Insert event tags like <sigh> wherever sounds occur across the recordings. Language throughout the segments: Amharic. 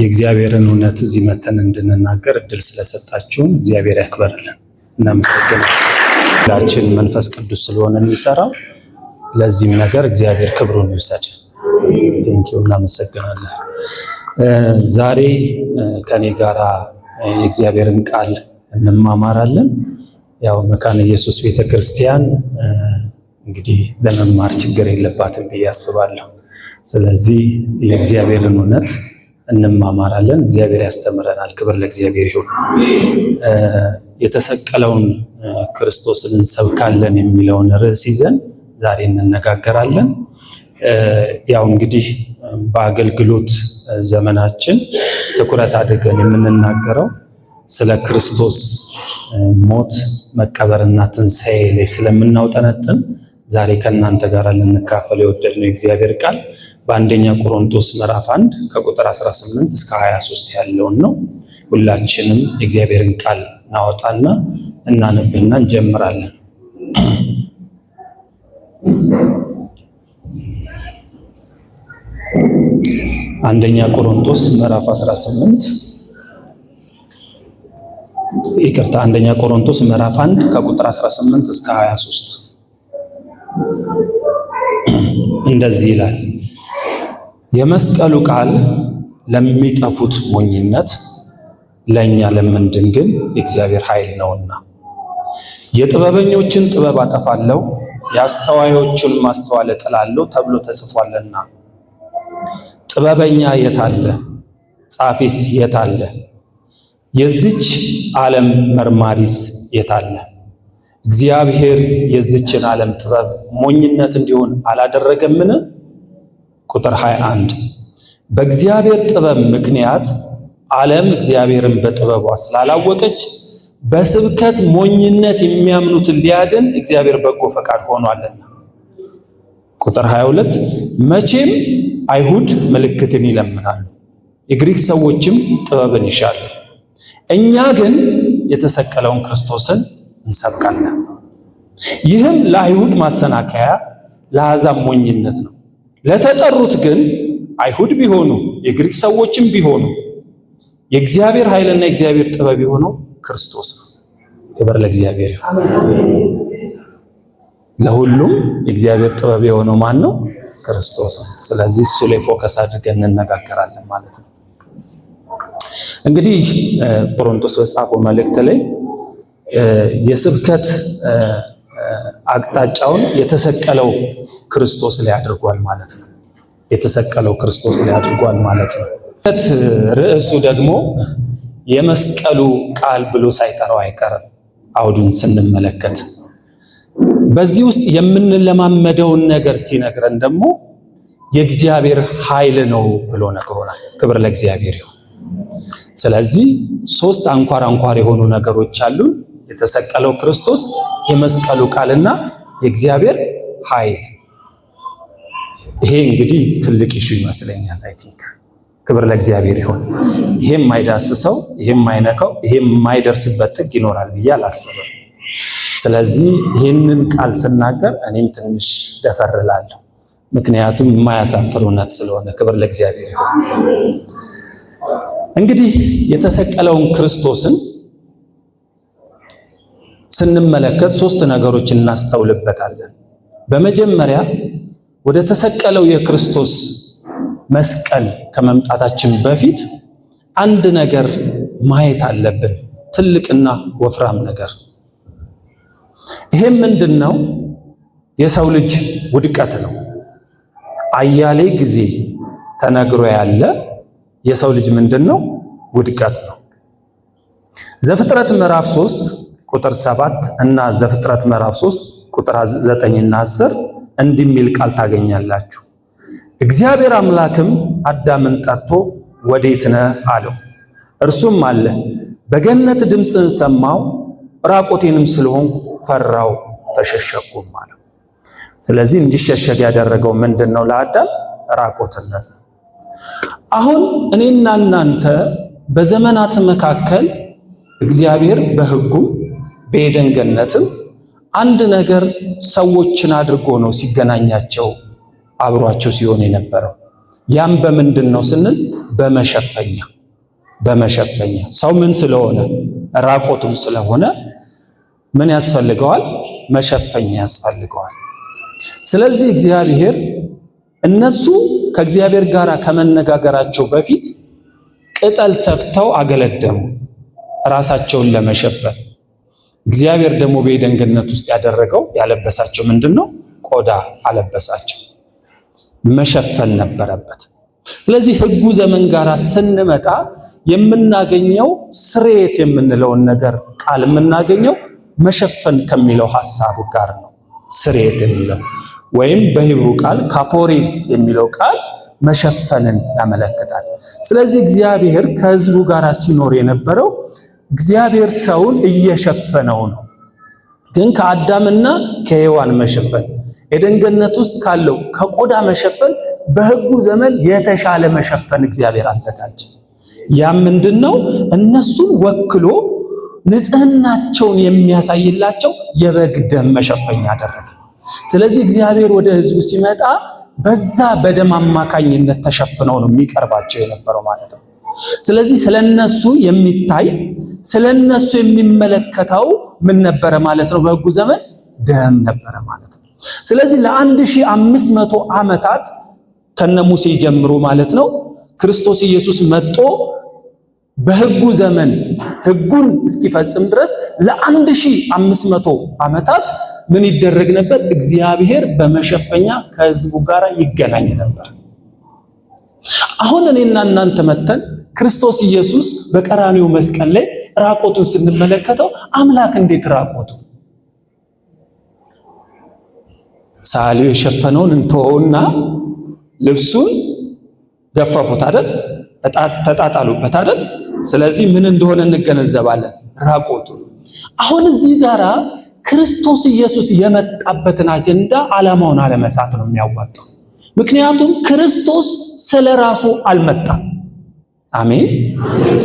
የእግዚአብሔርን እውነት እዚህ መተን እንድንናገር እድል ስለሰጣችሁን እግዚአብሔር ያክበርልን። እናመሰግናለን። ላችን መንፈስ ቅዱስ ስለሆነ የሚሰራው ለዚህም ነገር እግዚአብሔር ክብሩን ይውሰድ። ቴንኪው። እናመሰግናለን። ዛሬ ከኔ ጋር የእግዚአብሔርን ቃል እንማማራለን። ያው መካነ ኢየሱስ ቤተክርስቲያን እንግዲህ ለመማር ችግር የለባትም ብዬ አስባለሁ። ስለዚህ የእግዚአብሔርን እውነት እንማማራለን። እግዚአብሔር ያስተምረናል። ክብር ለእግዚአብሔር ይሁን። የተሰቀለውን ክርስቶስን እንሰብካለን የሚለውን ርዕስ ይዘን ዛሬ እንነጋገራለን። ያው እንግዲህ በአገልግሎት ዘመናችን ትኩረት አድርገን የምንናገረው ስለ ክርስቶስ ሞት መቀበርና ትንሣኤ ላይ ስለምናውጠነጥን ዛሬ ከእናንተ ጋር ልንካፈል የወደድነው የእግዚአብሔር ቃል በአንደኛ ቆሮንቶስ ምዕራፍ 1 ከቁጥር 18 እስከ 23 ያለውን ነው። ሁላችንም የእግዚአብሔርን ቃል እናወጣና እናነብና እንጀምራለን። አንደኛ ቆሮንቶስ ምዕራፍ 18 ይቅርታ፣ አንደኛ ቆሮንቶስ ምዕራፍ 1 ከቁጥር 18 እስከ 23 እንደዚህ ይላል የመስቀሉ ቃል ለሚጠፉት ሞኝነት፣ ለእኛ ለምንድን ግን የእግዚአብሔር ኃይል ነውና የጥበበኞችን ጥበብ አጠፋለሁ የአስተዋዮቹን ማስተዋል እጥላለሁ ተብሎ ተጽፏልና ጥበበኛ የት አለ? ጻፊስ የት አለ? የዚች ዓለም መርማሪስ የት አለ? እግዚአብሔር የዚችን ዓለም ጥበብ ሞኝነት እንዲሆን አላደረገምን? ቁጥር 21 በእግዚአብሔር ጥበብ ምክንያት ዓለም እግዚአብሔርን በጥበቧ ስላላወቀች በስብከት ሞኝነት የሚያምኑትን ሊያድን እግዚአብሔር በጎ ፈቃድ ሆኗልና። ቁጥር 22 መቼም አይሁድ ምልክትን ይለምናሉ፣ የግሪክ ሰዎችም ጥበብን ይሻሉ፣ እኛ ግን የተሰቀለውን ክርስቶስን እንሰብቃለን። ይህም ለአይሁድ ማሰናከያ፣ ለአሕዛብ ሞኝነት ነው። ለተጠሩት ግን አይሁድ ቢሆኑ የግሪክ ሰዎችም ቢሆኑ የእግዚአብሔር ኃይልና የእግዚአብሔር ጥበብ የሆነው ክርስቶስ ነው። ክብር ለእግዚአብሔር ይሁን። ለሁሉም የእግዚአብሔር ጥበብ የሆነው ማን ነው? ክርስቶስ ነው። ስለዚህ እሱ ላይ ፎከስ አድርገን እንነጋገራለን ማለት ነው። እንግዲህ ቆሮንቶስ በጻፈው መልእክት ላይ የስብከት አቅጣጫውን የተሰቀለው ክርስቶስ ላይ አድርጓል ማለት ነው። የተሰቀለው ክርስቶስ ላይ አድርጓል ማለት ነው። ርዕሱ ደግሞ የመስቀሉ ቃል ብሎ ሳይጠራው አይቀርም። አውዱን ስንመለከት በዚህ ውስጥ የምንለማመደውን ነገር ሲነግረን ደግሞ የእግዚአብሔር ኃይል ነው ብሎ ነግሮናል። ክብር ለእግዚአብሔር ይሁን። ስለዚህ ሶስት አንኳር አንኳር የሆኑ ነገሮች አሉን። የተሰቀለው ክርስቶስ የመስቀሉ ቃልና የእግዚአብሔር ኃይል። ይሄ እንግዲህ ትልቅ ኢሹ ይመስለኛል። አይ ቲንክ ክብር ለእግዚአብሔር ይሁን። ይሄም የማይዳስሰው ይሄም የማይነካው ይሄም የማይደርስበት ጥግ ይኖራል ብዬ አላስብም። ስለዚህ ይህንን ቃል ስናገር እኔም ትንሽ ደፈርላለሁ ምክንያቱም የማያሳፍር እውነት ስለሆነ ክብር ለእግዚአብሔር ይሁን። እንግዲህ የተሰቀለውን ክርስቶስን ስንመለከት ሶስት ነገሮች እናስተውልበታለን። በመጀመሪያ ወደ ተሰቀለው የክርስቶስ መስቀል ከመምጣታችን በፊት አንድ ነገር ማየት አለብን፣ ትልቅና ወፍራም ነገር። ይሄም ምንድን ነው? የሰው ልጅ ውድቀት ነው። አያሌ ጊዜ ተነግሮ ያለ የሰው ልጅ ምንድን ነው? ውድቀት ነው። ዘፍጥረት ምዕራፍ ሶስት ቁጥር 7 እና ዘፍጥረት ምዕራፍ 3 ቁጥር 9 እና 10 እንዲህ የሚል ቃል ታገኛላችሁ። እግዚአብሔር አምላክም አዳምን ጠርቶ ወዴት ነህ አለው። እርሱም አለ በገነት ድምፅን ሰማው ራቆቴንም ስለሆንኩ ፈራው፣ ተሸሸኩም አለው። ስለዚህ እንዲሸሸግ ያደረገው ምንድን ነው? ለአዳም ራቆትነት ነው። አሁን እኔና እናንተ በዘመናት መካከል እግዚአብሔር በሕጉ በኤደን ገነትም አንድ ነገር ሰዎችን አድርጎ ነው ሲገናኛቸው አብሯቸው ሲሆን የነበረው። ያም በምንድን ነው ስንል በመሸፈኛ በመሸፈኛ ሰው ምን ስለሆነ ራቆቱን ስለሆነ ምን ያስፈልገዋል? መሸፈኛ ያስፈልገዋል። ስለዚህ እግዚአብሔር እነሱ ከእግዚአብሔር ጋር ከመነጋገራቸው በፊት ቅጠል ሰፍተው አገለደሙ ራሳቸውን ለመሸፈን እግዚአብሔር ደግሞ በኤደን ገነት ውስጥ ያደረገው ያለበሳቸው ምንድን ነው? ቆዳ አለበሳቸው። መሸፈን ነበረበት። ስለዚህ ህጉ ዘመን ጋር ስንመጣ የምናገኘው ስርየት የምንለውን ነገር ቃል የምናገኘው መሸፈን ከሚለው ሐሳብ ጋር ነው። ስርየት የሚለው ወይም በሂብሩ ቃል ካፖሪዝ የሚለው ቃል መሸፈንን ያመለክታል። ስለዚህ እግዚአብሔር ከህዝቡ ጋር ሲኖር የነበረው እግዚአብሔር ሰውን እየሸፈነው ነው። ግን ከአዳምና ከሔዋን መሸፈን ኤደን ገነት ውስጥ ካለው ከቆዳ መሸፈን በሕጉ ዘመን የተሻለ መሸፈን እግዚአብሔር አዘጋጀ። ያም ምንድን ነው? እነሱን ወክሎ ንጽህናቸውን የሚያሳይላቸው የበግ ደም መሸፈኛ አደረገ። ስለዚህ እግዚአብሔር ወደ ህዝቡ ሲመጣ በዛ በደም አማካኝነት ተሸፍነው ነው የሚቀርባቸው የነበረው ማለት ነው። ስለዚህ ስለነሱ የሚታይ ስለ እነሱ የሚመለከተው ምን ነበረ ማለት ነው? በህጉ ዘመን ደም ነበረ ማለት ነው። ስለዚህ ለ1500 አምስት ዓመታት ከነ ሙሴ ጀምሮ ማለት ነው ክርስቶስ ኢየሱስ መጦ በህጉ ዘመን ህጉን እስኪፈጽም ድረስ ለ ሺህ አምስት ዓመታት ምን ይደረግ ነበር? እግዚአብሔር በመሸፈኛ ከህዝቡ ጋር ይገናኝ ነበር። አሁን እኔና እናንተ መተን ክርስቶስ ኢየሱስ በቀራኒው መስቀል ላይ ራቆቱን ስንመለከተው አምላክ እንዴት ራቆቱ ሳሊው የሸፈነውን እንተወውና ልብሱን ገፈፉት አይደል? ተጣጣሉበት አይደል? ስለዚህ ምን እንደሆነ እንገነዘባለን፣ ራቆቱ አሁን እዚህ ጋራ ክርስቶስ ኢየሱስ የመጣበትን አጀንዳ ዓላማውን አለመሳት ነው የሚያዋጣው። ምክንያቱም ክርስቶስ ስለ ራሱ አልመጣም። አሜን።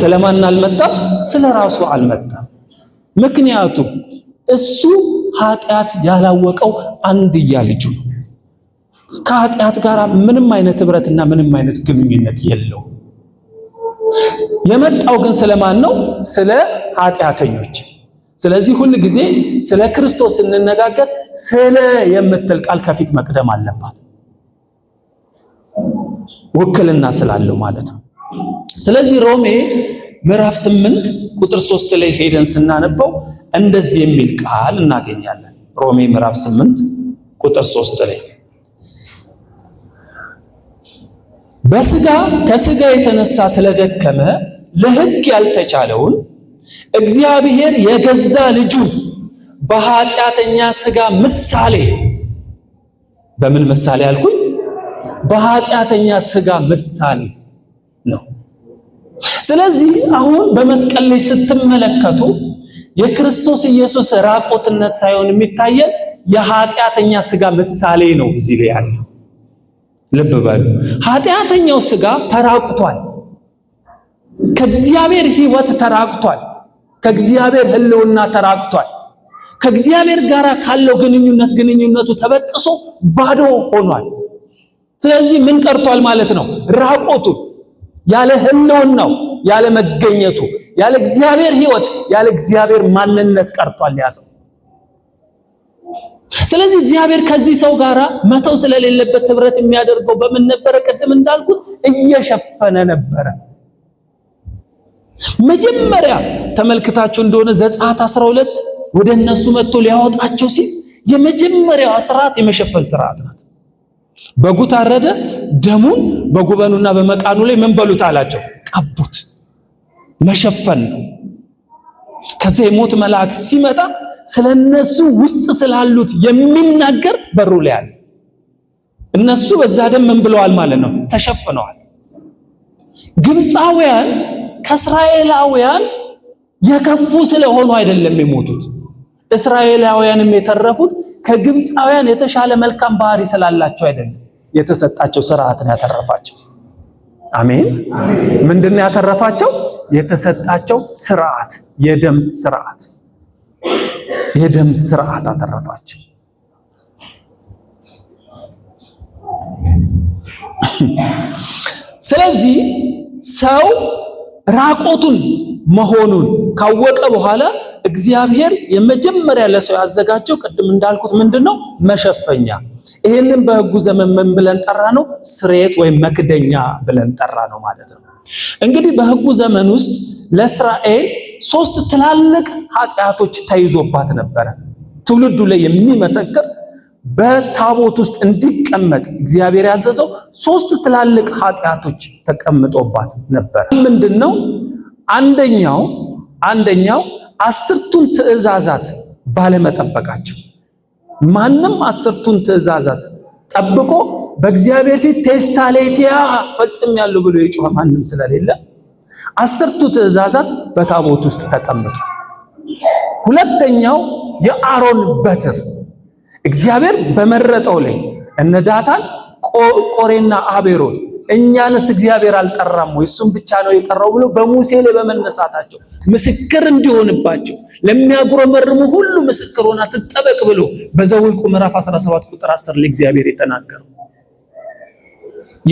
ስለማን አልመጣም? ስለ ራሱ አልመጣም። ምክንያቱም እሱ ኃጢአት ያላወቀው አንድያ ልጁ ነው። ከኃጢአት ጋር ምንም አይነት ህብረትና ምንም አይነት ግንኙነት የለው። የመጣው ግን ስለማን ነው? ስለ ኃጢአተኞች። ስለዚህ ሁል ጊዜ ስለ ክርስቶስ ስንነጋገር ስለ የምትል ቃል ከፊት መቅደም አለባት፣ ውክልና ስላለው ማለት ነው። ስለዚህ ሮሜ ምዕራፍ ስምንት ቁጥር ሶስት ላይ ሄደን ስናነበው እንደዚህ የሚል ቃል እናገኛለን። ሮሜ ምዕራፍ ስምንት ቁጥር ሶስት ላይ በስጋ ከስጋ የተነሳ ስለደከመ ለሕግ ያልተቻለውን እግዚአብሔር የገዛ ልጁ በኃጢአተኛ ስጋ ምሳሌ በምን ምሳሌ አልኩኝ? በኃጢአተኛ ስጋ ምሳሌ ነው። ስለዚህ አሁን በመስቀል ላይ ስትመለከቱ የክርስቶስ ኢየሱስ ራቆትነት ሳይሆን የሚታየን የኃጢአተኛ ስጋ ምሳሌ ነው። እዚህ ላይ ያለው ልብ በሉ። ኃጢአተኛው ስጋ ተራቁቷል፣ ከእግዚአብሔር ህይወት ተራቁቷል፣ ከእግዚአብሔር ህልውና ተራቁቷል። ከእግዚአብሔር ጋር ካለው ግንኙነት ግንኙነቱ ተበጥሶ ባዶ ሆኗል። ስለዚህ ምን ቀርቷል ማለት ነው? ራቆቱን ያለ ህልውናው ያለ መገኘቱ ያለ እግዚአብሔር ህይወት ያለ እግዚአብሔር ማንነት ቀርቷል ያ ሰው። ስለዚህ እግዚአብሔር ከዚህ ሰው ጋር መተው ስለሌለበት ህብረት የሚያደርገው በምን ነበረ? ቅድም እንዳልኩት እየሸፈነ ነበረ። መጀመሪያ ተመልክታችሁ እንደሆነ ዘጸአት 12 ወደ እነሱ መጥቶ ሊያወጣቸው ሲል የመጀመሪያዋ ስርዓት የመሸፈን ስርዓት ናት። በጉ ታረደ፣ ደሙን በጉበኑና በመቃኑ ላይ ምን በሉት አላቸው? ቀቡት። መሸፈን ነው። ከዚያ የሞት መልአክ ሲመጣ ስለነሱ ውስጥ ስላሉት የሚናገር በሩ ላይ አለ። እነሱ በዛ ደም ምን ብለዋል ማለት ነው? ተሸፍነዋል። ግብፃውያን ከእስራኤላውያን የከፉ ስለሆኑ አይደለም የሞቱት። እስራኤላውያንም የተረፉት ከግብፃውያን የተሻለ መልካም ባህሪ ስላላቸው አይደለም። የተሰጣቸው ስርዓት ነው ያተረፋቸው። አሜን። ምንድን ነው ያተረፋቸው? የተሰጣቸው ስርዓት፣ የደም ስርዓት፣ የደም ስርዓት አተረፋቸው። ስለዚህ ሰው ራቆቱን መሆኑን ካወቀ በኋላ እግዚአብሔር የመጀመሪያ ለሰው ያዘጋጀው ቅድም እንዳልኩት ምንድን ነው መሸፈኛ ይህንን በህጉ ዘመን ምን ብለን ጠራ ነው? ስርየት ወይም መክደኛ ብለን ጠራ ነው ማለት ነው። እንግዲህ በህጉ ዘመን ውስጥ ለእስራኤል ሶስት ትላልቅ ኃጢአቶች ተይዞባት ነበረ። ትውልዱ ላይ የሚመሰክር በታቦት ውስጥ እንዲቀመጥ እግዚአብሔር ያዘዘው ሶስት ትላልቅ ኃጢአቶች ተቀምጦባት ነበር። ምንድን ነው? አንደኛው አንደኛው አስርቱን ትእዛዛት ባለመጠበቃቸው ማንም አስርቱን ትእዛዛት ጠብቆ በእግዚአብሔር ፊት ቴስታሌቲያ ያለው ብሎ የጮኸ ማንም ስለሌለ አስርቱ ትእዛዛት በታቦት ውስጥ ተቀምጡ። ሁለተኛው የአሮን በትር እግዚአብሔር በመረጠው ላይ እነ ዳታን ቆሬና አቤሮን እኛንስ እግዚአብሔር አልጠራም ወይ? እሱም ብቻ ነው የጠራው ብሎ በሙሴ ላይ በመነሳታቸው ምስክር እንዲሆንባቸው ለሚያጉረመርሙ ሁሉ ምስክር ሆና ትጠበቅ ብሎ በዘውልቁ ምዕራፍ 17 ቁጥር 10 ላይ እግዚአብሔር የተናገረው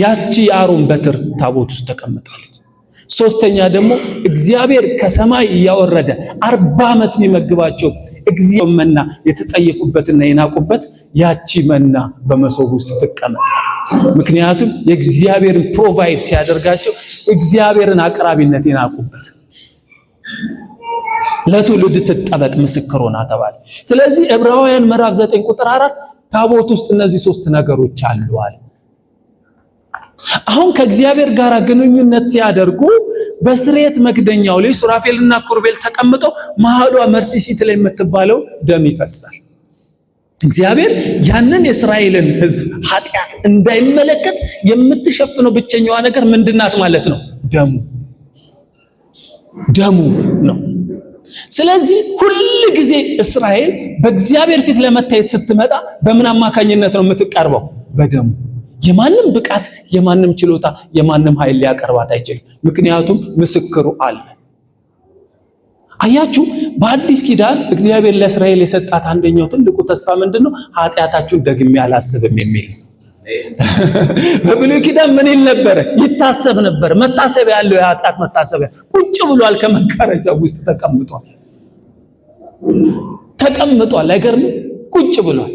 ያቺ የአሮን በትር ታቦት ውስጥ ተቀምጣለች። ሶስተኛ ደግሞ እግዚአብሔር ከሰማይ እያወረደ አርባ ዓመት የሚመግባቸው እግዚኦ መና የተጠየፉበትና የናቁበት ያቺ መና በመሶብ ውስጥ ትቀመጣል። ምክንያቱም የእግዚአብሔርን ፕሮቫይድ ሲያደርጋቸው እግዚአብሔርን አቅራቢነት የናቁበት ለትውልድ ትጠበቅ ምስክር ሆና ተባለ። ስለዚህ ዕብራውያን ምዕራፍ 9 ቁጥር 4 ታቦት ውስጥ እነዚህ ሶስት ነገሮች አሉ አለ። አሁን ከእግዚአብሔር ጋር ግንኙነት ሲያደርጉ በስርየት መክደኛው ላይ ሱራፌልና ኩርቤል ተቀምጠው መሃሏ መርሲሲት ላይ የምትባለው ደም ይፈሳል። እግዚአብሔር ያንን የእስራኤልን ሕዝብ ኃጢአት እንዳይመለከት የምትሸፍነው ብቸኛዋ ነገር ምንድናት ማለት ነው? ደሙ ደሙ ነው። ስለዚህ ሁል ጊዜ እስራኤል በእግዚአብሔር ፊት ለመታየት ስትመጣ በምን አማካኝነት ነው የምትቀርበው? በደሙ የማንም ብቃት የማንም ችሎታ የማንም ኃይል ሊያቀርባት አይችልም። ምክንያቱም ምስክሩ አለ። አያችሁ፣ በአዲስ ኪዳን እግዚአብሔር ለእስራኤል የሰጣት አንደኛው ትልቁ ተስፋ ምንድን ነው? ኃጢአታችሁን ደግሜ አላስብም የሚል በብሉይ ኪዳን ምን ይል ነበረ? ይታሰብ ነበር። መታሰቢያ ያለው የኃጢአት መታሰቢያ ቁጭ ብሏል። ከመጋረጃ ውስጥ ተቀምጧል፣ ተቀምጧል። አይገርም? ቁጭ ብሏል።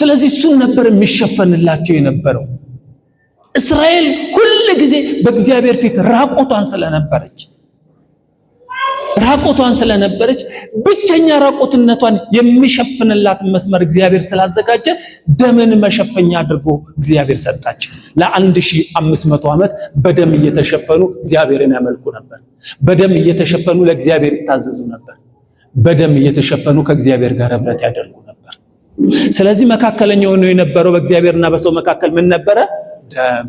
ስለዚህ እሱን ነበር የሚሸፈንላቸው የነበረው። እስራኤል ሁል ጊዜ በእግዚአብሔር ፊት ራቆቷን ስለነበረች ራቆቷን ስለነበረች ብቸኛ ራቆትነቷን የሚሸፍንላትን መስመር እግዚአብሔር ስላዘጋጀ ደምን መሸፈኛ አድርጎ እግዚአብሔር ሰጣች። ለአንድ ሺህ አምስት መቶ ዓመት በደም እየተሸፈኑ እግዚአብሔርን ያመልኩ ነበር። በደም እየተሸፈኑ ለእግዚአብሔር ይታዘዙ ነበር። በደም እየተሸፈኑ ከእግዚአብሔር ጋር ህብረት ያደርጉ ስለዚህ መካከለኛ ሆኖ የነበረው በእግዚአብሔርና በሰው መካከል ምን ነበረ? ደም።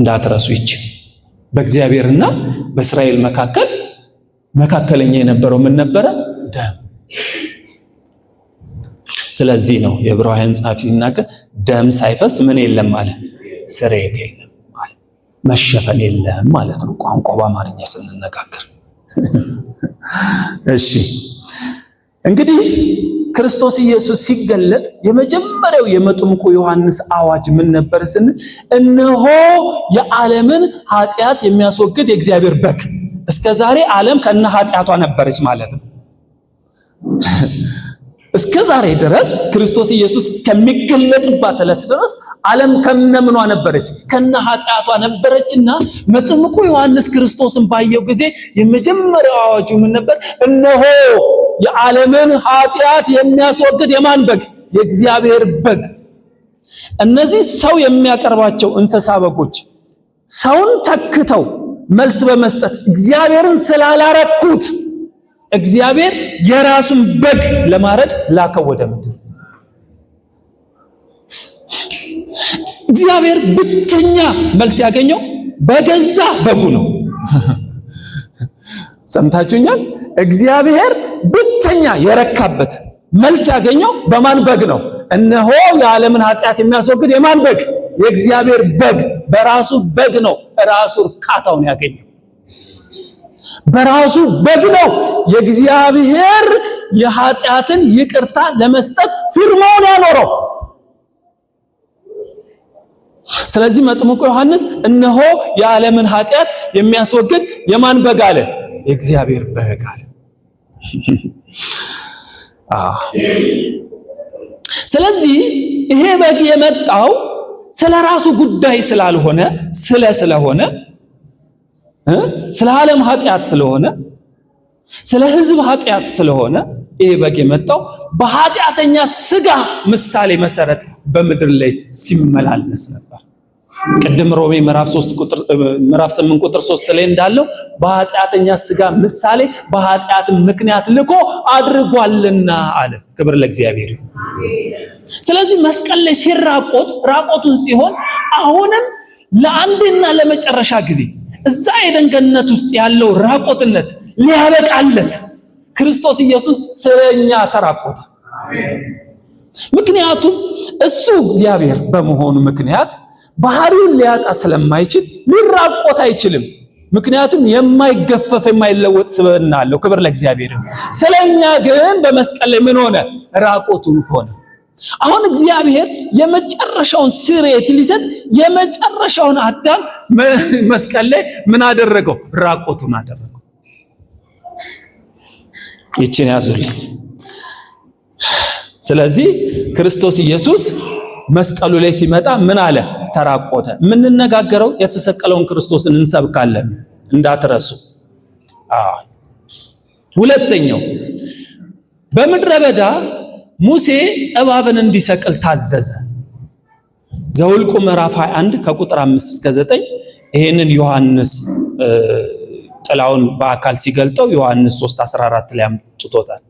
እንዳትረሱ ይች በእግዚአብሔርና በእስራኤል መካከል መካከለኛ የነበረው ምን ነበረ? ደም። ስለዚህ ነው የዕብራውያን ጸሐፊ ሲናገር ደም ሳይፈስ ምን የለም አለ፣ ስርየት የለም አለ፣ መሸፈን የለም ማለት ነው ቋንቋ በአማርኛ ስንነጋገር። <laughs> እሺ እንግዲህ ክርስቶስ ኢየሱስ ሲገለጥ የመጀመሪያው የመጥምቁ ዮሐንስ አዋጅ ምን ነበር ስንል፣ እነሆ የዓለምን ኃጢአት የሚያስወግድ የእግዚአብሔር በግ። እስከዛሬ ዓለም ከነ ኃጢአቷ ነበረች ማለት ነው። እስከ ዛሬ ድረስ ክርስቶስ ኢየሱስ እስከሚገለጥባት ዕለት ድረስ ዓለም ከነምኗ ነበረች፣ ከነ ኃጢአቷ ነበረችና መጥምቁ ዮሐንስ ክርስቶስን ባየው ጊዜ የመጀመሪያው አዋጁ ምን ነበር? እነሆ የዓለምን ኃጢአት የሚያስወግድ የማን በግ? የእግዚአብሔር በግ። እነዚህ ሰው የሚያቀርባቸው እንስሳ በጎች ሰውን ተክተው መልስ በመስጠት እግዚአብሔርን ስላላረኩት እግዚአብሔር የራሱን በግ ለማረድ ላከው ወደ ምድር። እግዚአብሔር ብቸኛ መልስ ያገኘው በገዛ በጉ ነው። ሰምታችሁኛል? እግዚአብሔር ብቸኛ የረካበት መልስ ያገኘው በማን በግ ነው? እነሆ የዓለምን ኃጢአት የሚያስወግድ የማን በግ? የእግዚአብሔር በግ። በራሱ በግ ነው ራሱ እርካታውን ያገኘው። በራሱ በግ ነው። የእግዚአብሔር የኃጢአትን ይቅርታ ለመስጠት ፊርማውን ያኖረው። ስለዚህ መጥምቁ ዮሐንስ እነሆ የዓለምን ኃጢአት የሚያስወግድ የማን በግ አለ? የእግዚአብሔር በግ አለ። <laughs> ስለዚህ ይሄ በግ የመጣው ስለ ራሱ ጉዳይ ስላልሆነ ስለ ስለሆነ ስለ ዓለም ኃጢአት ስለሆነ ስለ ሕዝብ ኃጢአት ስለሆነ ይሄ በግ የመጣው በኃጢአተኛ ስጋ ምሳሌ መሰረት በምድር ላይ ሲመላለስ ነበር። ቅድም ሮሜ ምዕራፍ 3 ቁጥር ምዕራፍ 8 ቁጥር 3 ላይ እንዳለው በኃጢአተኛ ስጋ ምሳሌ በኃጢአት ምክንያት ልኮ አድርጓልና አለ። ክብር ለእግዚአብሔር። ስለዚህ መስቀል ላይ ሲራቆት ራቆቱን ሲሆን አሁንም ለአንድና ለመጨረሻ ጊዜ እዛ የደንገነት ውስጥ ያለው ራቆትነት ሊያበቃለት ክርስቶስ ኢየሱስ ስለኛ ተራቆተ። ምክንያቱም እሱ እግዚአብሔር በመሆኑ ምክንያት ባህሪውን ሊያጣ ስለማይችል ሊራቆት አይችልም። ምክንያቱም የማይገፈፍ የማይለወጥ ስብዕና አለው። ክብር ለእግዚአብሔር። ስለኛ ግን በመስቀል ላይ ምን ሆነ? ራቆቱን ሆነ። አሁን እግዚአብሔር የመጨረ የመጨረሻውን ስሬት ሊሰጥ የመጨረሻውን አዳም መስቀል ላይ ምን አደረገው? ራቆቱን አደረገው። ይችን ያዙልኝ። ስለዚህ ክርስቶስ ኢየሱስ መስቀሉ ላይ ሲመጣ ምን አለ? ተራቆተ። የምንነጋገረው የተሰቀለውን ክርስቶስን እንሰብካለን እንዳትረሱ። ሁለተኛው በምድረ በዳ ሙሴ እባብን እንዲሰቅል ታዘዘ። ዘውልቁ ምዕራፍ 21 ከቁጥር 5 እስከ 9 ይሄንን ዮሐንስ ጥላውን በአካል ሲገልጠው ዮሐንስ 3:14 ላይ አምጥቶታል።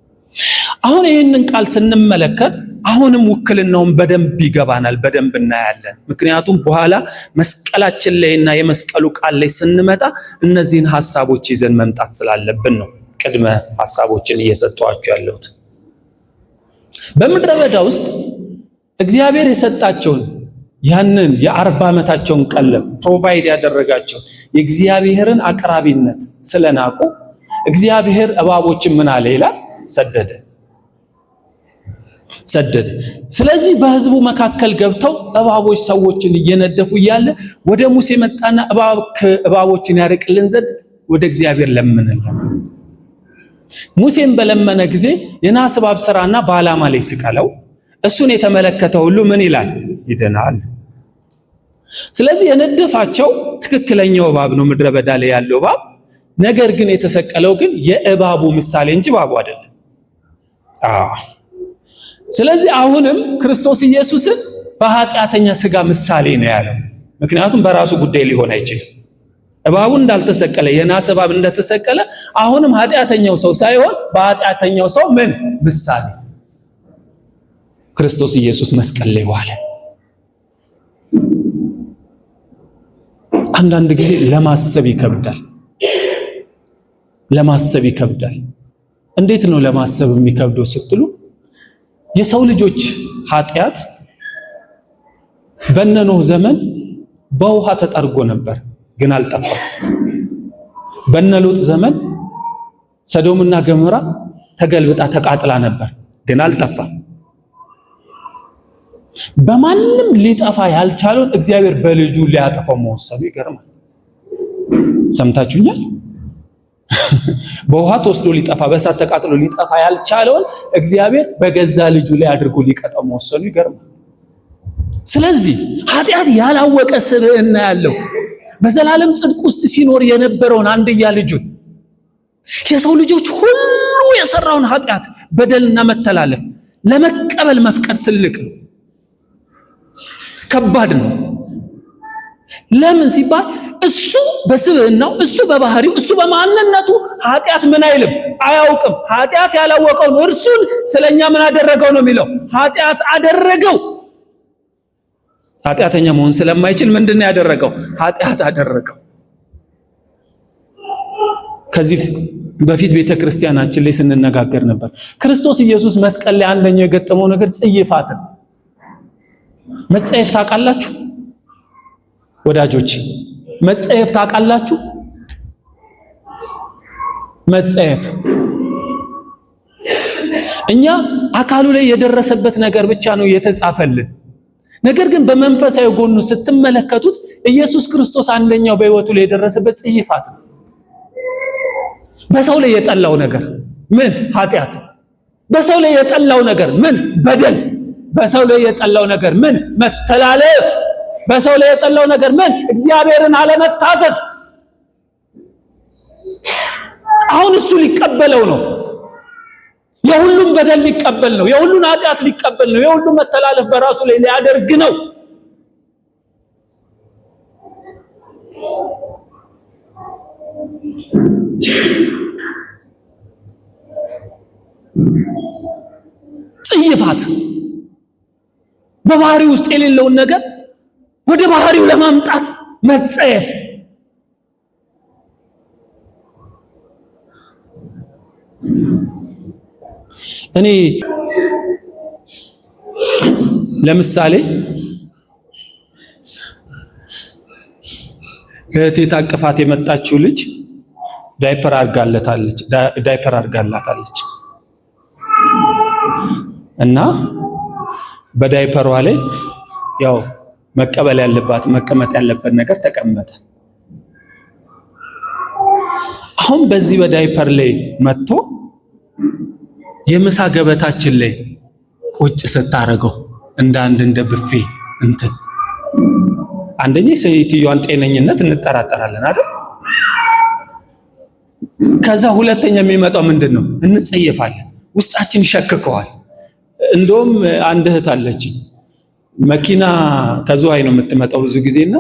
አሁን ይህንን ቃል ስንመለከት አሁንም ውክልናውን በደንብ ይገባናል፣ በደንብ እናያለን። ምክንያቱም በኋላ መስቀላችን ላይና የመስቀሉ ቃል ላይ ስንመጣ እነዚህን ሐሳቦች ይዘን መምጣት ስላለብን ነው ቅድመ ሐሳቦችን እየሰጠኋቸው ያለሁት። በምድረ በዳ ውስጥ እግዚአብሔር የሰጣቸውን ያንን የአርባ ዓመታቸውን ቀለብ ፕሮቫይድ ያደረጋቸው የእግዚአብሔርን አቅራቢነት ስለናቁ እግዚአብሔር እባቦችን ምን አለ ይላል ሰደደ ሰደደ። ስለዚህ በህዝቡ መካከል ገብተው እባቦች ሰዎችን እየነደፉ እያለ ወደ ሙሴ መጣና እባቦችን ያርቅልን ዘንድ ወደ እግዚአብሔር ለምንልን። ሙሴን በለመነ ጊዜ የናስ እባብ ስራና በዓላማ ላይ ስቀለው። እሱን የተመለከተ ሁሉ ምን ይላል? ይድናል። ስለዚህ የነደፋቸው ትክክለኛው እባብ ነው፣ ምድረ በዳ ላይ ያለው እባብ። ነገር ግን የተሰቀለው ግን የእባቡ ምሳሌ እንጂ እባቡ አይደለም። ስለዚህ አሁንም ክርስቶስ ኢየሱስን በኃጢአተኛ ስጋ ምሳሌ ነው ያለው። ምክንያቱም በራሱ ጉዳይ ሊሆን አይችልም። እባቡ እንዳልተሰቀለ የናስ እባብ እንደተሰቀለ አሁንም ኃጢአተኛው ሰው ሳይሆን በኃጢአተኛው ሰው ምን ምሳሌ ክርስቶስ ኢየሱስ መስቀል ላይ ዋለ። አንዳንድ ጊዜ ለማሰብ ይከብዳል። ለማሰብ ይከብዳል። እንዴት ነው ለማሰብ የሚከብደው ስትሉ የሰው ልጆች ኃጢአት በነኖህ ዘመን በውሃ ተጠርጎ ነበር፣ ግን አልጠፋም። በነሎጥ ዘመን ሰዶምና ገሞራ ተገልብጣ ተቃጥላ ነበር፣ ግን አልጠፋም። በማንም ሊጠፋ ያልቻለውን እግዚአብሔር በልጁ ሊያጠፋው መወሰኑ ይገርማል። ሰምታችሁኛል? <laughs> በውሃ ተወስዶ ሊጠፋ በእሳት ተቃጥሎ ሊጠፋ ያልቻለውን እግዚአብሔር በገዛ ልጁ ላይ አድርጎ ሊቀጠው መወሰኑ ይገርማል። ስለዚህ ኃጢአት ያላወቀ ስብዕና ያለው በዘላለም ጽድቅ ውስጥ ሲኖር የነበረውን አንድያ ልጁን የሰው ልጆች ሁሉ የሰራውን ኃጢአት በደልና መተላለፍ ለመቀበል መፍቀድ ትልቅ ነው። ከባድ ነው። ለምን ሲባል እሱ በስብዕናው እሱ በባህሪው እሱ በማንነቱ ኃጢአት ምን አይልም አያውቅም። ኃጢአት ያላወቀውን እርሱን ስለኛ ምን አደረገው ነው የሚለው። ኃጢአት አደረገው። ኃጢአተኛ መሆን ስለማይችል ምንድን ነው ያደረገው? ኃጢአት አደረገው። ከዚህ በፊት ቤተ ክርስቲያናችን ላይ ስንነጋገር ነበር። ክርስቶስ ኢየሱስ መስቀል ላይ አንደኛው የገጠመው ነገር ጽይፋትን መጸየፍ ታውቃላችሁ? ወዳጆች መጸየፍ ታውቃላችሁ? መጸየፍ እኛ አካሉ ላይ የደረሰበት ነገር ብቻ ነው የተጻፈልን። ነገር ግን በመንፈሳዊ ጎኑ ስትመለከቱት ኢየሱስ ክርስቶስ አንደኛው በህይወቱ ላይ የደረሰበት ጽይፋት ነው። በሰው ላይ የጠላው ነገር ምን? ኃጢአት። በሰው ላይ የጠላው ነገር ምን? በደል በሰው ላይ የጠላው ነገር ምን? መተላለፍ። በሰው ላይ የጠላው ነገር ምን? እግዚአብሔርን አለመታዘዝ። አሁን እሱ ሊቀበለው ነው። የሁሉም በደል ሊቀበል ነው። የሁሉን ኃጢአት ሊቀበል ነው። የሁሉም መተላለፍ በራሱ ላይ ሊያደርግ ነው። ጽይፋት በባህሪ ውስጥ የሌለውን ነገር ወደ ባህሪው ለማምጣት መጸየፍ እኔ ለምሳሌ እህቴ ታቅፋት የመጣችው ልጅ ዳይፐር አርጋለታለች ዳይፐር አርጋላታለች እና በዳይፐሯ ላይ ያው መቀበል ያለባት መቀመጥ ያለበት ነገር ተቀመጠ። አሁን በዚህ በዳይፐር ላይ መጥቶ የምሳ ገበታችን ላይ ቁጭ ስታደርገው እንደ አንድ እንደ ብፌ እንትን አንደኛ ሴትዮዋን ጤነኝነት እንጠራጠራለን አይደል? ከዛ ሁለተኛ የሚመጣው ምንድን ነው? እንጸየፋለን። ውስጣችን ይሸክከዋል። እንደውም አንድ እህት አለች መኪና ከዝዋይ ነው የምትመጣው ብዙ ጊዜና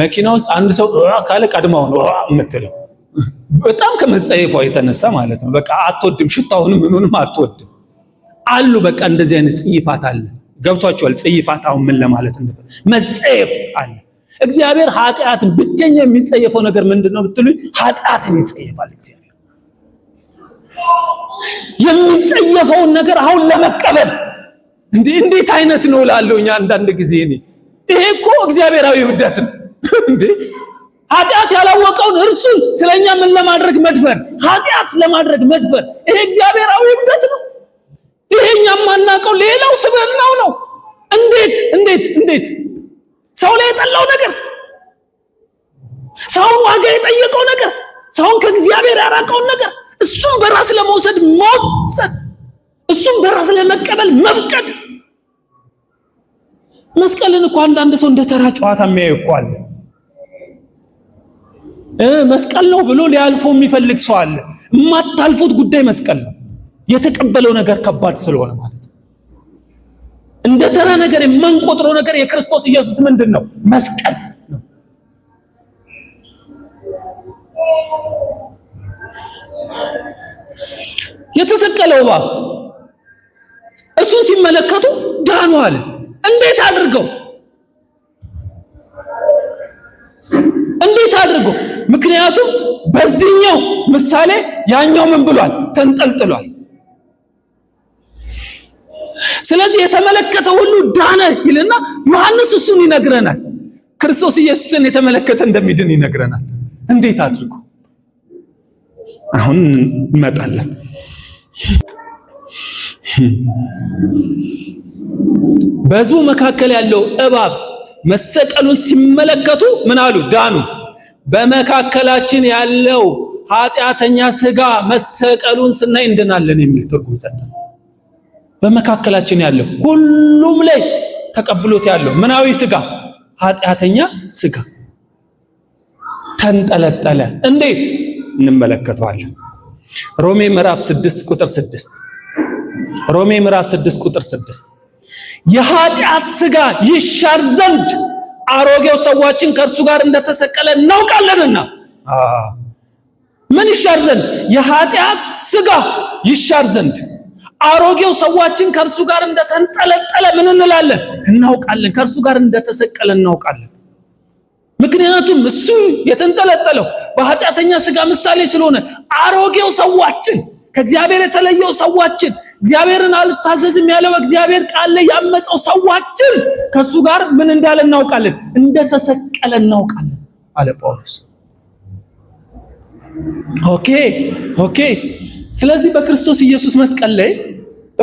መኪና ውስጥ አንድ ሰው ካለ ቀድማው ነው የምትለው በጣም ከመጸየፏ የተነሳ ማለት ነው። በቃ አትወድም፣ ሽታውንም ምኑንም አትወድም። አሉ በቃ እንደዚህ አይነት ጽይፋት አለ። ገብቷቸዋል። ጽይፋት አሁን ምን ለማለት እንደ መጸየፍ አለ። እግዚአብሔር ኃጢአትን ብቸኛ የሚጸየፈው ነገር ነው ብትሉ፣ ኃጢአትን ይጸየፋል እግዚአብሔር። የሚጸየፈውን ነገር አሁን ለመቀበል እንዴ እንዴት አይነት ነው ላለውኝ አንዳንድ ጊዜ እኔ ይሄ እኮ እግዚአብሔራዊ ውደት ነው እንዴ ኃጢአት ያላወቀውን እርሱን ስለኛ ምን ለማድረግ መድፈር ኃጢአት ለማድረግ መድፈር ይሄ እግዚአብሔራዊ ውደት ነው ይሄ እኛም ማናውቀው ሌላው ስብዕናው ነው እንዴት እንዴት እንዴት ሰው ላይ የጠላው ነገር ሰውን ዋጋ የጠየቀው ነገር ሰውን ከእግዚአብሔር ያራቀውን ነገር እሱን በራስ ለመውሰድ መውሰድ እሱም በራስ ለመቀበል መፍቀድ። መስቀልን እኮ አንዳንድ ሰው እንደ ተራ ጨዋታ የሚያዩ እኮ አለ። መስቀል ነው ብሎ ሊያልፎ የሚፈልግ ሰው አለ። የማታልፉት ጉዳይ መስቀል ነው። የተቀበለው ነገር ከባድ ስለሆነ ማለት እንደ ተራ ነገር የማንቆጥረው ነገር የክርስቶስ ኢየሱስ ምንድን ነው? መስቀል የተሰቀለው እባብ ሲመለከቱ ዳኑ አለ። እንዴት አድርገው እንዴት አድርገው? ምክንያቱም በዚህኛው ምሳሌ ያኛው ምን ብሏል? ተንጠልጥሏል። ስለዚህ የተመለከተ ሁሉ ዳነ ይልና ዮሐንስ እሱን ይነግረናል። ክርስቶስ ኢየሱስን የተመለከተ እንደሚድን ይነግረናል። እንዴት አድርጎ አሁን እንመጣለን። በዙ መካከል ያለው እባብ መሰቀሉን ሲመለከቱ ምን አሉ? ዳኑ። በመካከላችን ያለው ኃጢአተኛ ስጋ መሰቀሉን ስናይ እንድናለን የሚል ትርጉም ሰጠ። በመካከላችን ያለው ሁሉም ላይ ተቀብሎት ያለው ምናዊ ስጋ ኃጢአተኛ ስጋ ተንጠለጠለ። እንዴት እንመለከተዋለን? ሮሜ ምዕራፍ 6 ቁጥር 6 ሮሜ ምዕራፍ 6 ቁጥር 6 የኃጢአት ስጋ ይሻር ዘንድ አሮጌው ሰዋችን ከእርሱ ጋር እንደተሰቀለ እናውቃለንና። ምን ይሻር ዘንድ? የኃጢአት ስጋ ይሻር ዘንድ አሮጌው ሰዋችን ከእርሱ ጋር እንደተንጠለጠለ ምን እንላለን? እናውቃለን። ከእርሱ ጋር እንደተሰቀለ እናውቃለን። ምክንያቱም እሱ የተንጠለጠለው በኃጢአተኛ ስጋ ምሳሌ ስለሆነ አሮጌው ሰዋችን ከእግዚአብሔር የተለየው ሰዋችን እግዚአብሔርን አልታዘዝም ያለው እግዚአብሔር ቃል ላይ ያመፀው ሰዋችን ከእሱ ጋር ምን እንዳለ እናውቃለን፣ እንደተሰቀለ እናውቃለን አለ ጳውሎስ። ኦኬ ኦኬ። ስለዚህ በክርስቶስ ኢየሱስ መስቀል ላይ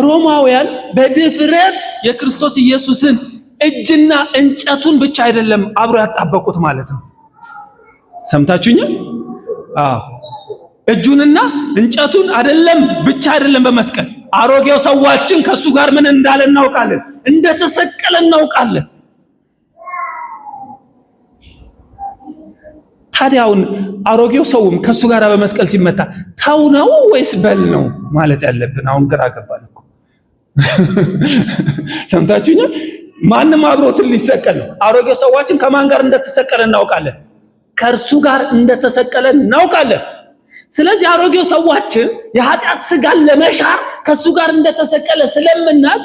ሮማውያን በድፍረት የክርስቶስ ኢየሱስን እጅና እንጨቱን ብቻ አይደለም አብሮ ያጣበቁት ማለት ነው። ሰምታችሁኛል? አዎ እጁንና እንጨቱን አይደለም ብቻ አይደለም በመስቀል አሮጌው ሰዋችን ከሱ ጋር ምን እንዳለ እናውቃለን፣ እንደተሰቀለ እናውቃለን። ታዲያውን አሮጌው ሰውም ከሱ ጋር በመስቀል ሲመታ ተው ነው ወይስ በል ነው ማለት ያለብን? አሁን ግራ ገባን እኮ <laughs> ሰምታችሁኛል። ማንም አብሮትን ሊሰቀል ነው። አሮጌው ሰዋችን ከማን ጋር እንደተሰቀለ እናውቃለን፣ ከእርሱ ጋር እንደተሰቀለ እናውቃለን። ስለዚህ አሮጌው ሰዋችን የኃጢአት ስጋን ለመሻር ከሱ ጋር እንደተሰቀለ ስለምናቅ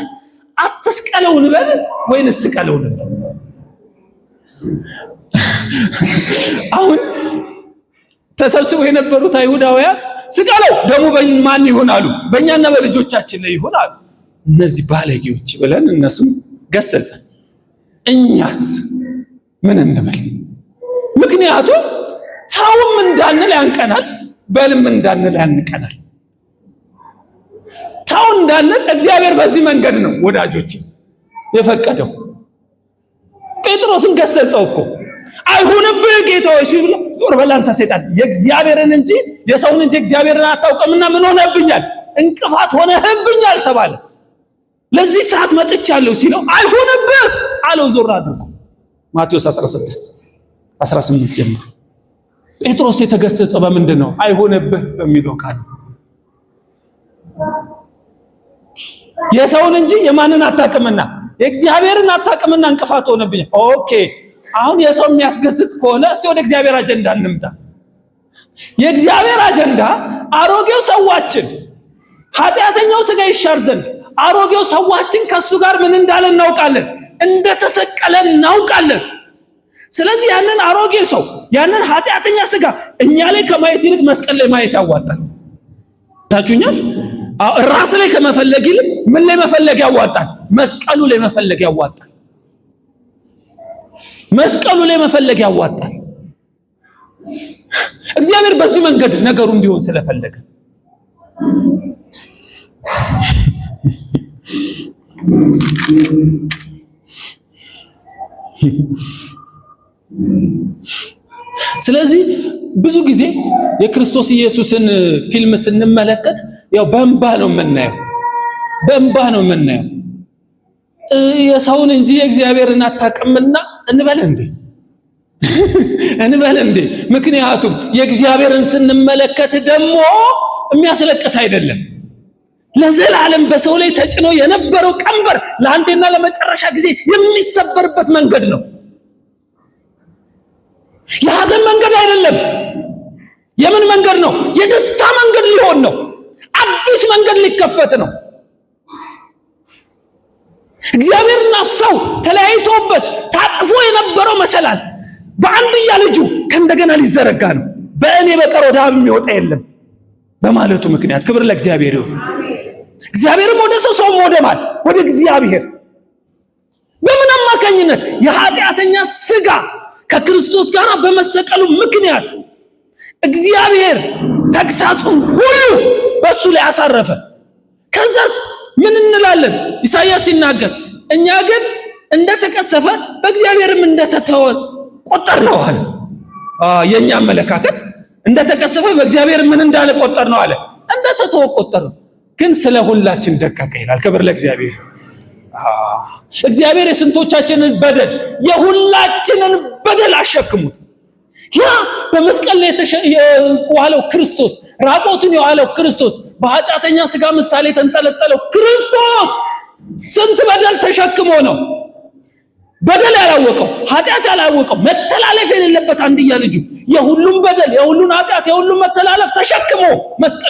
አትስቀለው ልበል ወይን ስቀለው ልበል? አሁን ተሰብስበው የነበሩት አይሁዳውያን ስቀለው ደሙ በማን ይሆን አሉ፣ በእኛና በልጆቻችን ላይ ይሆን አሉ። እነዚህ ባለጌዎች ብለን እነሱም ገሰጸ። እኛስ ምን እንበል? ምክንያቱም ተውም እንዳንል ያንቀናል በልም እንዳንል ያንቀናል። ተው እንዳንል እግዚአብሔር በዚህ መንገድ ነው ወዳጆች የፈቀደው። ጴጥሮስን ገሰጸው እኮ አይሁንብህ ጌታዬ ሲል ዞር በላን አንተ ሰይጣን፣ የእግዚአብሔርን እንጂ የሰውን እንጂ እግዚአብሔርን አታውቅምና ምን ሆነብኛል? እንቅፋት ሆነህብኛል ተባለ። ለዚህ ሰዓት መጥቻለሁ ሲለው አይሁንብህ አለው ዞር አድርጎ ማቴዎስ 16 18 ጀምሮ ጴጥሮስ የተገሰጸው በምንድን ነው? አይሆነብህ በሚለው ቃል የሰውን እንጂ የማንን አታቅምና የእግዚአብሔርን አታቅምና እንቅፋት ሆነብኝ። ኦኬ አሁን የሰው የሚያስገስጽ ከሆነ እስቲ ወደ እግዚአብሔር አጀንዳ እንምጣ። የእግዚአብሔር አጀንዳ አሮጌው ሰዋችን ኃጢአተኛው ስጋ ይሻር ዘንድ አሮጌው ሰዋችን ከእሱ ጋር ምን እንዳለ እናውቃለን፣ እንደተሰቀለ እናውቃለን። ስለዚህ ያንን አሮጌ ሰው ያንን ኃጢአተኛ ስጋ እኛ ላይ ከማየት ይልቅ መስቀል ላይ ማየት ያዋጣል። ታችሁኛል። ራስ ላይ ከመፈለግ ይልቅ ምን ላይ መፈለግ ያዋጣል? መስቀሉ ላይ መፈለግ ያዋጣል። መስቀሉ ላይ መፈለግ ያዋጣል። እግዚአብሔር በዚህ መንገድ ነገሩ እንዲሆን ስለፈለገ ስለዚህ ብዙ ጊዜ የክርስቶስ ኢየሱስን ፊልም ስንመለከት ያው በእንባ ነው የምናየው፣ በእንባ ነው የምናየው። የሰውን እንጂ የእግዚአብሔርን አታውቅምና እንበል እንዴ <laughs> እንበል እንዴ? ምክንያቱም የእግዚአብሔርን ስንመለከት ደግሞ የሚያስለቅስ አይደለም። ለዘላለም በሰው ላይ ተጭኖ የነበረው ቀንበር ለአንዴና ለመጨረሻ ጊዜ የሚሰበርበት መንገድ ነው። የሐዘን መንገድ አይደለም። የምን መንገድ ነው? የደስታ መንገድ ሊሆን ነው። አዲስ መንገድ ሊከፈት ነው። እግዚአብሔርና ሰው ተለያይቶበት ታጥፎ የነበረው መሰላል በአንድያ ልጁ ከእንደገና ሊዘረጋ ነው። በእኔ በቀር ወደ አብ የሚወጣ የለም በማለቱ ምክንያት ክብር ለእግዚአብሔር ይሁን። እግዚአብሔርም ወደ ሰው ሰውም ወደ ማን? ወደ እግዚአብሔር በምን አማካኝነት? የኃጢአተኛ ስጋ ከክርስቶስ ጋር በመሰቀሉ ምክንያት እግዚአብሔር ተግሳጹን ሁሉ በእሱ ላይ አሳረፈ። ከዛስ ምን እንላለን? ኢሳይያስ ሲናገር እኛ ግን እንደተቀሰፈ በእግዚአብሔርም እንደተተወ ቆጠር ነው አለ። የእኛ አመለካከት እንደተቀሰፈ በእግዚአብሔር ምን እንዳለ ቆጠር ነው አለ፣ እንደተተወ ቆጠር ነው። ግን ስለ ሁላችን ደቀቀ ይላል። ክብር ለእግዚአብሔር። እግዚአብሔር የስንቶቻችንን በደል የሁላችንን በደል አሸክሙት። ያ በመስቀል ላይ የዋለው ክርስቶስ ራቆቱን የዋለው ክርስቶስ በኃጢአተኛ ስጋ ምሳሌ የተንጠለጠለው ክርስቶስ ስንት በደል ተሸክሞ ነው። በደል ያላወቀው ኃጢአት ያላወቀው መተላለፍ የሌለበት አንድያ ልጁ የሁሉም በደል የሁሉን ኃጢአት የሁሉም መተላለፍ ተሸክሞ መስቀል